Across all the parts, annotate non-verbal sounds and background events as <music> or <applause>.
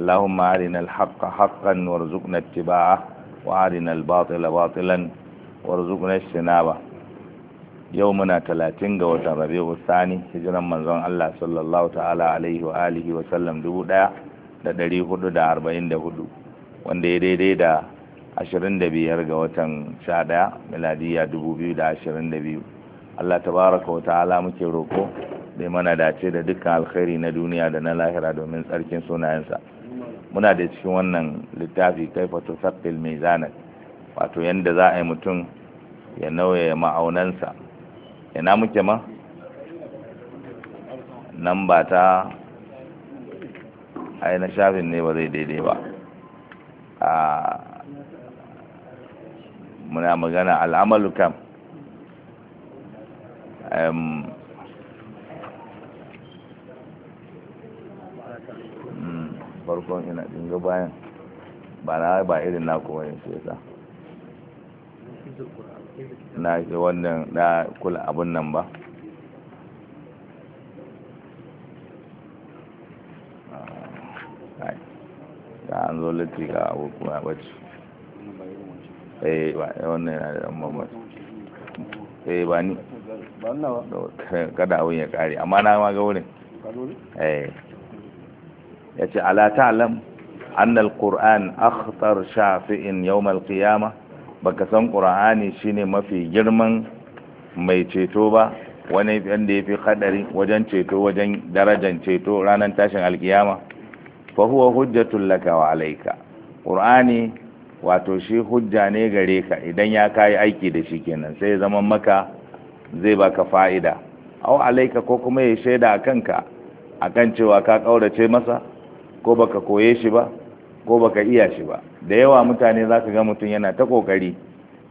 اللهم أرنا الحق حقا وارزقنا اتباعه وأرنا الباطل باطلا وارزقنا اجتنابه يومنا 30 ga watan Rabiul Thani hijiran manzon Allah sallallahu ta'ala alaihi wa alihi wa sallam 1444 wanda ya daidai da 25 ga watan 11 miladiya 2022 Allah tabaraka wa ta'ala muke roko da mana dace da dukkan alkhairi na duniya da na lahira domin tsarkin sunayensa muna da cikin wannan littafi kai kaifa mai mizan wato yadda za a yi mutum ya nauye ma'aunansa ina muke ma nan ba ta ai na shafin ne ba zai daidai ba a muna magana al'amalu kam farkon ina dinga bayan ba na ba irin na kuma yin sai na ke wannan na kula abun nan ba ta an zo latti ga abu kuma bacci eh ba wannan yana da mamaci eh ba ni kada abun ya kare amma na ma ga wurin eh ya ce ala ta'lam annal qur'an akhtar shafi'in yawmal qiyama baka san qur'ani shine mafi girman mai ceto ba wani wanda yafi hadari wajen ceto wajen darajan ceto ranar tashin alkiyama fa huwa hujjatul laka wa alayka qur'ani wato shi hujja ne gare ka idan ya kai aiki da shi kenan sai zama maka zai baka fa'ida au alaika ko kuma ya shaida kanka akan cewa ka kaurace masa ko baka koye shi ba ko baka iya shi ba da yawa mutane za su ga mutum yana ta kokari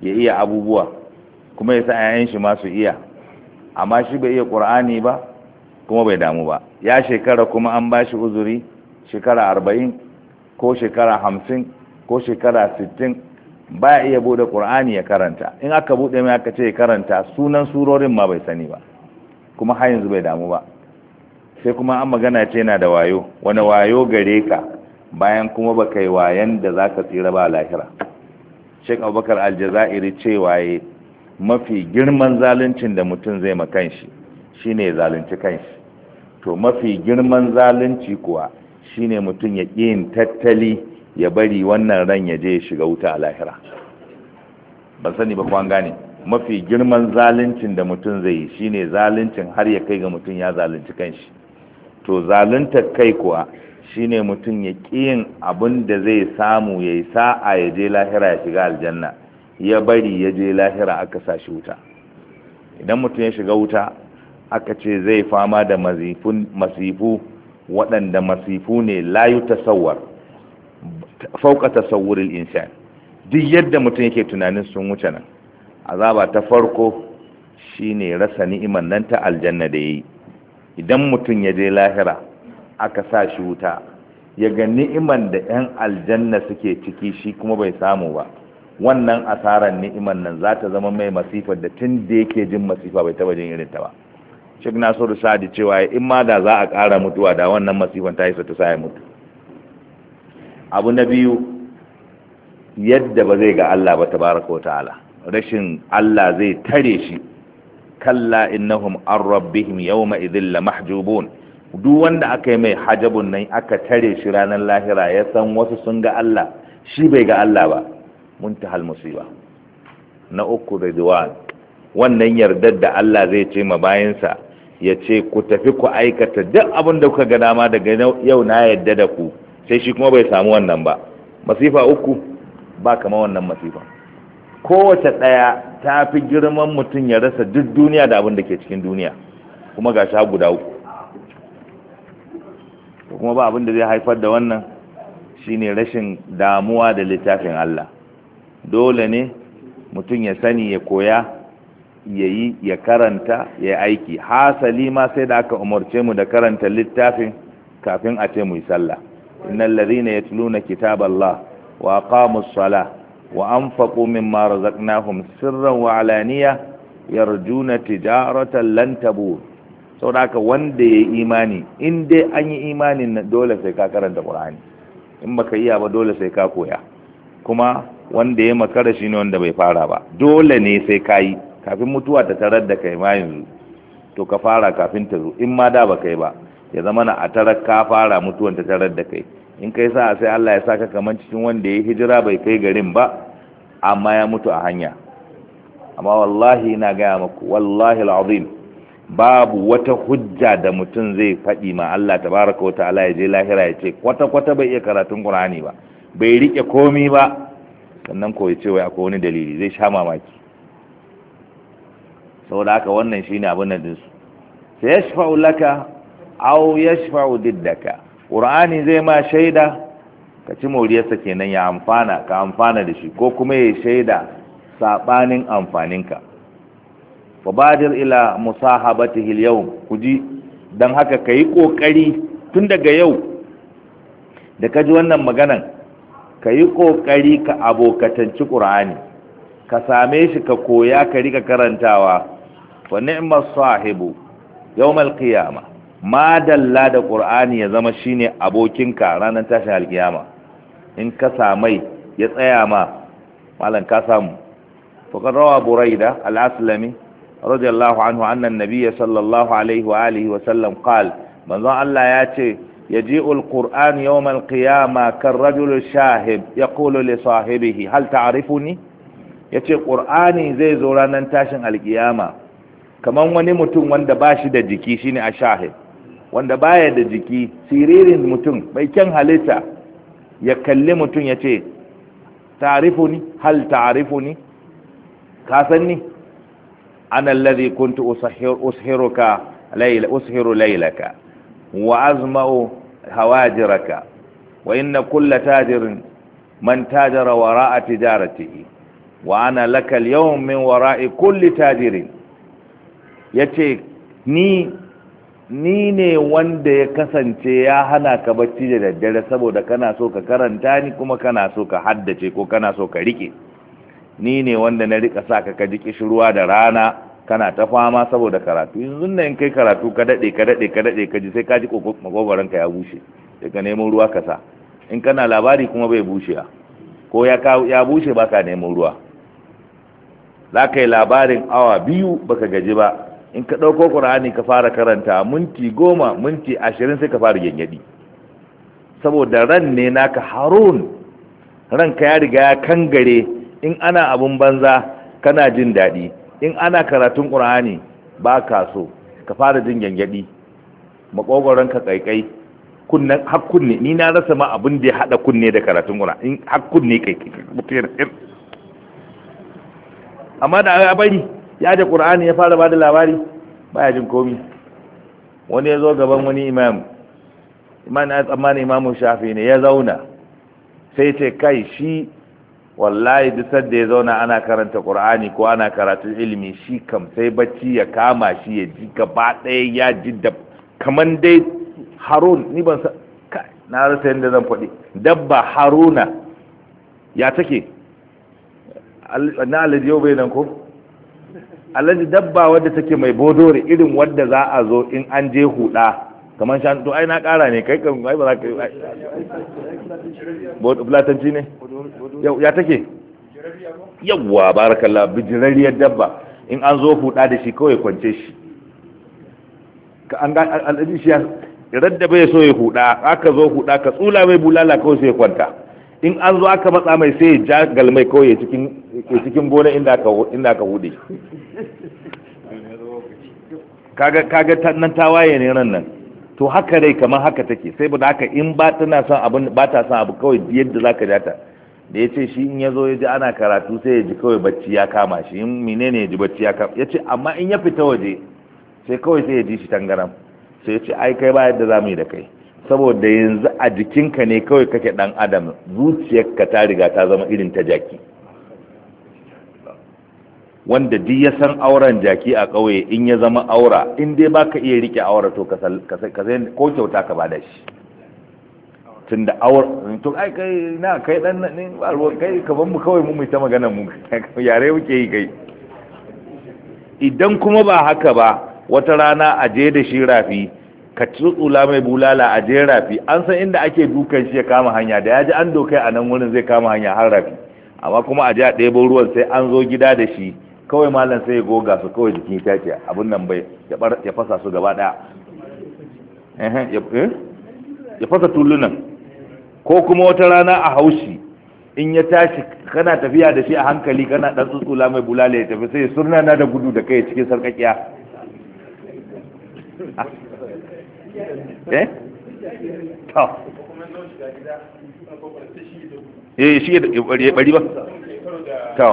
ya iya abubuwa kuma ya sa yayan shi masu iya amma shi bai iya qur'ani ba kuma bai damu ba ya shekara kuma an ba shi uzuri shekara arba'in ko shekara hamsin ko shekara sittin ba iya buɗe ƙur'ani ya karanta in aka buɗe mai aka ce ya karanta sunan surorin ma bai sani ba kuma har yanzu bai damu ba sai kuma an magana ce yana da wayo wani wayo gare ka bayan kuma ba kai wayan da za ka tsira ba lahira sheik abubakar aljazairi ce waye mafi girman zaluncin da mutum zai shi shine ya zalunci shi to mafi girman zalunci kuwa shine mutum ya yin tattali ya bari wannan ran ya je ya shiga wuta a lahira ban sani ba kwan gane mafi girman zaluncin da mutum zai yi shine zaluncin har ya kai ga mutum ya zalunci kanshi to zalunta kai kuwa shine mutum ya ƙiyin abin da zai samu ya yi sa'a ya je lahira ya shiga aljanna ya bari ya je lahira aka sa shi wuta idan mutum ya shiga wuta aka ce zai fama da masifu waɗanda masifu ne layu tasawwar fauka tasawurin insha duk yadda mutum yake tunanin sun wuce nan azaba ta farko shine rasa ni'imar nan ta aljanna da ya yi idan mutum ya je lahira aka sa shi wuta ya ga ni'iman da 'yan aljanna suke ciki shi kuma bai samu ba wannan asarar ni'iman nan za ta zama mai masifar da tun da yake jin masifa bai taba jin irin ta ba na nasiru da cewa in ma da za a ƙara mutuwa da wannan masifan ta isa ta sa ya mutu abu na biyu yadda ba zai ga Allah ba ta wa ta'ala rashin Allah zai tare shi kalla innahum an rabbihim yawma idhil mahjubun duk wanda aka yi mai hajabun nan aka tare shi ranar lahira ya san wasu sun ga Allah shi bai ga Allah ba Mun ta hal musiba na uku ridwan wannan yardar da Allah zai ce ma bayansa ya ce ku tafi ku aikata duk abin da kuka ga dama daga yau na yadda da ku sai shi kuma bai samu wannan ba masifa uku ba kama wannan masifa kowace ɗaya ta fi girman mutum ya rasa duk duniya da abin da ke cikin duniya kuma ga sha guda uku kuma ba abin da zai haifar da wannan shine rashin damuwa da littafin Allah dole ne mutum ya sani ya koya ya yi ya karanta ya aiki hasali ma sai da aka umarce mu da karanta littafin kafin a ce mu yi sallah innal ladhina yatluna kitaballah wa aqamus salah wa anfaqu mimma razaqnahum sirran wa alaniya yarjuna tijaratan lan sau saboda haka wanda ya yi imani in dai an yi imanin dole sai ka karanta qur'ani in baka iya ba dole sai ka koya kuma wanda ya makara shine wanda bai fara ba dole ne sai ka yi kafin mutuwa ta tarar da kai ma yanzu to ka fara kafin ta zo in ma da baka yi ba ya zama na a tarar ka fara mutuwan ta tarar da kai in kai sa sai Allah ya saka kamar cikin wanda ya hijira bai kai garin ba amma ya mutu a hanya amma wallahi ina gaya maku wallahi al'azim babu wata hujja da mutum zai faɗi ma Allah ta tabaraka wa ala ya je lahira ya ce kwata kwata bai iya karatun Qur'ani ba bai rike komi ba sannan ko ya ce wai akwai wani dalili zai sha mamaki saboda haka wannan shine abin da dinsu sai yashfa'u laka aw yashfa'u diddaka ƙur'ani zai ma shaida ka ci moriyarsa kenan ya amfana ka amfana da shi ko kuma ya shaida saɓanin amfaninka fabadir ila musahabatihil yau ku ji don haka ka yi ƙoƙari tun daga yau da ka ji wannan maganan ka yi ƙoƙari ka abokatanci ƙur'ani ka same shi ka koya ka rika karantawa wa ni'mar sahibu yawmal ma. Madalla da ƙur'ani ya zama shine abokinka ranar tashin alkiyama in ka samai ya tsaya ma malam ka samu rawa buraida al'aslami radiyallahu anhu annan nabiya sallallahu alaihi wa alihi manzon Allah ya ce yaji'ul qur'an yawmal ƙiyama kan rajul shahib yaqulu li sahibihi hal ta'rifuni yace ƙur'ani zai zo ranar tashin alkiyama Kamar wani mutum wanda ba shi da jiki shine ashahib wanda baya da jiki siririn mutum mai kyan halitta ya kalli mutum ya ce ta'arifu ni hal ta'arifu ni ka san ni ana alladhi kuntu ushiruka layla ushiru laylaka wa azma'u hawajiraka wa inna kulla tajirin man tajara wara'a tijaratihi wa ana laka al-yawm min wara'i kulli tajirin yace ni ni ne wanda ya kasance ya hana ka bacci da daddare saboda kana so ka karanta ni kuma kana so ka haddace ko kana so ka rike ni ne wanda na rika sa ka ji kishirwa da rana kana ta fama saboda karatu yanzu nan in kai karatu ka dade ka dade ka dade ka ji sai ka ji makogoron ka ya bushe sai ka nemo ruwa ka sa in kana labari kuma bai bushe ko ya ya bushe baka neman ruwa za ka yi labarin awa biyu baka gaji ba in ka ɗauko ƙur'ani ka fara karanta minti goma minti ashirin sai ka fara gyangyaɗi saboda ran ne naka harun ran ka ya riga ya kangare in ana abun banza kana jin daɗi in ana karatun ƙur'ani ba ka so ka fara jin gyangyaɗi makogoron ka ƙaiƙai kunnen hakkunne ni na rasa ma abin da ya haɗa kunne da karatun ƙur'ani in hakkunne ƙaiƙai amma da bari ya da qur'ani ya fara ba da labari baya jin komi wani ya zo gaban wani imam imam na tsammani imam shafi ne ya zauna sai ce kai shi wallahi duk sanda ya zauna ana karanta qur'ani ko ana karatun ilimi shi kam sai bacci ya kama shi ya ji gaba ɗaya ya ji da kamar dai harun ni ban san na rasa yadda zan faɗi dabba haruna ya take na alaji bai nan ko alaji dabba wadda take mai bodore irin wadda za a zo in an je huda kamar shan to ai na kara ne kai kan ai ba za ka bulatanci ne ya take yawwa barakallah bijirariyar dabba in an zo huda da shi kawai kwance shi ka an ga alaji shi radda bai so ya huda aka zo huda ka tsula mai bulala kawai sai ya kwanta in an zo aka matsa mai sai ya ja galmai kawai ya cikin gona inda aka hude kaga nan tawaye ne nan nan to haka dai kamar haka take sai ba haka in ba tana son abin ba ta son abu kawai yadda ka ja ta da ya ce shi in ya zo ya ji ana karatu sai ya ji kawai bacci ya kama shi in menene ya ji bacci ya kama ce amma in ya fita waje sai kawai sai ya ji shi tangaram sai ya ce ai kai ba yadda za mu yi da kai saboda yanzu a jikinka ne kawai kake dan adam zuciyarka ta riga ta zama irin ta jaki wanda duk ya san auren jaki a ƙauye in ya zama aura in dai baka iya rike aura to ka sai ko kyauta ka bada shi tun da aura to ai kai na kai dan nan ne kai ka ban mu kawai mu ta magana mu <laughs> yare muke yi kai idan kuma ba haka ba wata rana a je da shi rafi ka tsutsula mai bulala a je rafi an san inda ake dukan shi ya kama hanya da ya ji an dokai a nan wurin zai kama hanya har rafi amma kuma a ji a ɗebo ruwan sai an zo gida da shi kawai malam sai ya goga su kawai jikin itace abin nan bai ya fasa su gaba ɗaya eh? ya fasa tulunan ko kuma wata rana a haushi in ya tashi kana tafiya da shi a hankali kana ɗan tsutsula mai bulala ya tafi sai surna na da gudu da kai cikin sarƙaƙiya eh to eh shi bari ba to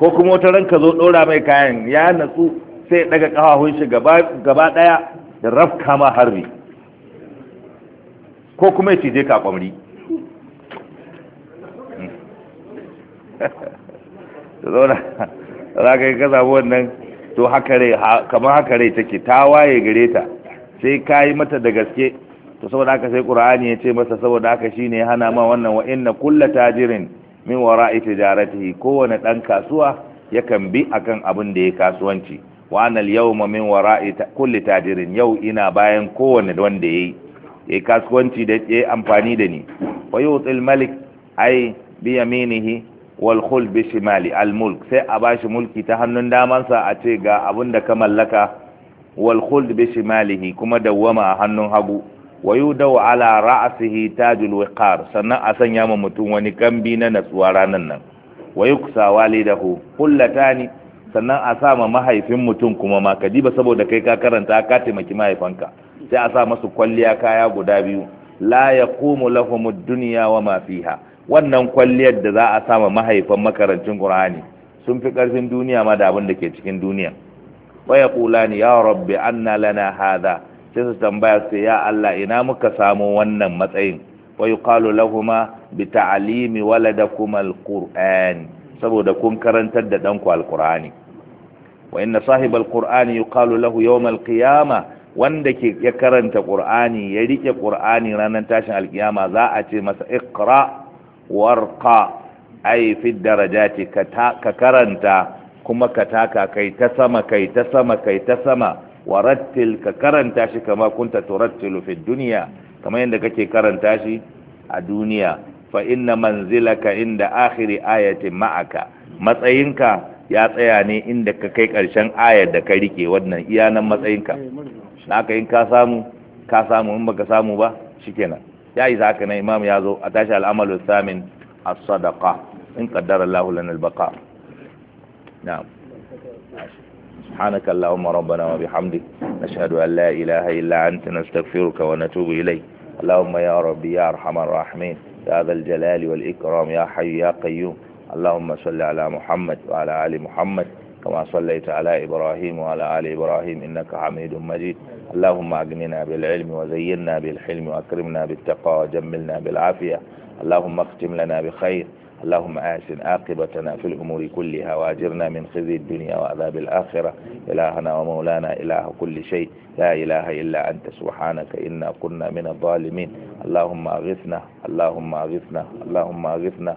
ko kuma wata ranka zo dora mai kayan ya natsu sai daga kafafun shi gaba daya da rafka ma harbi ko kuma ya cije ka kwamri da <laughs> zauna <laughs> za ka ka samu wannan to haka rai kamar haka rai take ta waye gare ta sai kayi mata da gaske to saboda haka sai qur'ani ya ce masa saboda haka shine hana ma wannan wa inna kullu tajirin min wara'i tijaratihi kowane dan kasuwa yakan bi akan abin da ya kasuwanci wa anal yawma min wara'i kulli tajirin yau ina bayan kowane wanda yayi ya kasuwanci da ya amfani da ni wa yutil malik ai bi yaminihi walhul khul bi al sai a bashi mulki ta hannun damansa a ce ga abin da ka mallaka wal bishimalihi kuma dawwama a hannun hagu wa yudau ala ra'sihi tajul wiqar sannan a sanya mu mutum wani kambi na natsuwa ranar nan wa yuksa walidahu kullatani sannan a sa ma mahaifin mutum kuma ma kadiba saboda kai ka karanta ka taimaki mahaifanka sai a sa masu kwalliya kaya guda biyu la yaqumu lahumud dunya wa ma fiha wannan kwalliyar da za a sama mahaifan makarancin qur'ani sun fi karfin duniya ma da abin da ke cikin duniya wa ni ya rabbi anna lana hadha sai su tambaya su ya Allah ina muka samu wannan matsayin wa yuqalu lahumma bi ta'limi waladakum alquran saboda kun karantar da danku alqurani wa inna sahibal qur'ani yuqalu lahu yawm alqiyama wanda ke ya karanta qur'ani ya riƙe qur'ani ranar tashin alƙiyama za a ce masa iqra warqa ai fi darajati ka karanta kuma ka taka kai ta sama kai ta sama kai ta sama warattil ka karanta shi kama kunta turattilu fi duniya kama yadda kake karanta shi a duniya fa inna manzilaka inda akhiri ayatin ma'aka matsayinka ya tsaya ne inda ka kai karshen ayar da ka rike wannan iyanan matsayinka eh, na ka in ka samu ka samu in baka samu ba shikenan ya yi haka na imam ya zo a tashi al'amalu samin a sadaka in kaddara Allahu lana al-baqa na'am subhanaka allahumma rabbana wa bihamdik nashhadu an la ilaha illa anta nastaghfiruka wa natubu ilayk allahumma ya rabbi ya arhamar rahimin ya dhal jalali wal ikram ya hayyu ya qayyum اللهم صل على محمد وعلى ال محمد كما صليت على ابراهيم وعلى ال ابراهيم انك حميد مجيد اللهم أغننا بالعلم وزينا بالحلم وأكرمنا بالتقى وجملنا بالعافية اللهم اختم لنا بخير اللهم أحسن عاقبتنا في الأمور كلها وأجرنا من خزي الدنيا وعذاب الآخرة إلهنا ومولانا إله كل شيء لا إله إلا أنت سبحانك إنا كنا من الظالمين اللهم أغثنا اللهم أغثنا اللهم أغثنا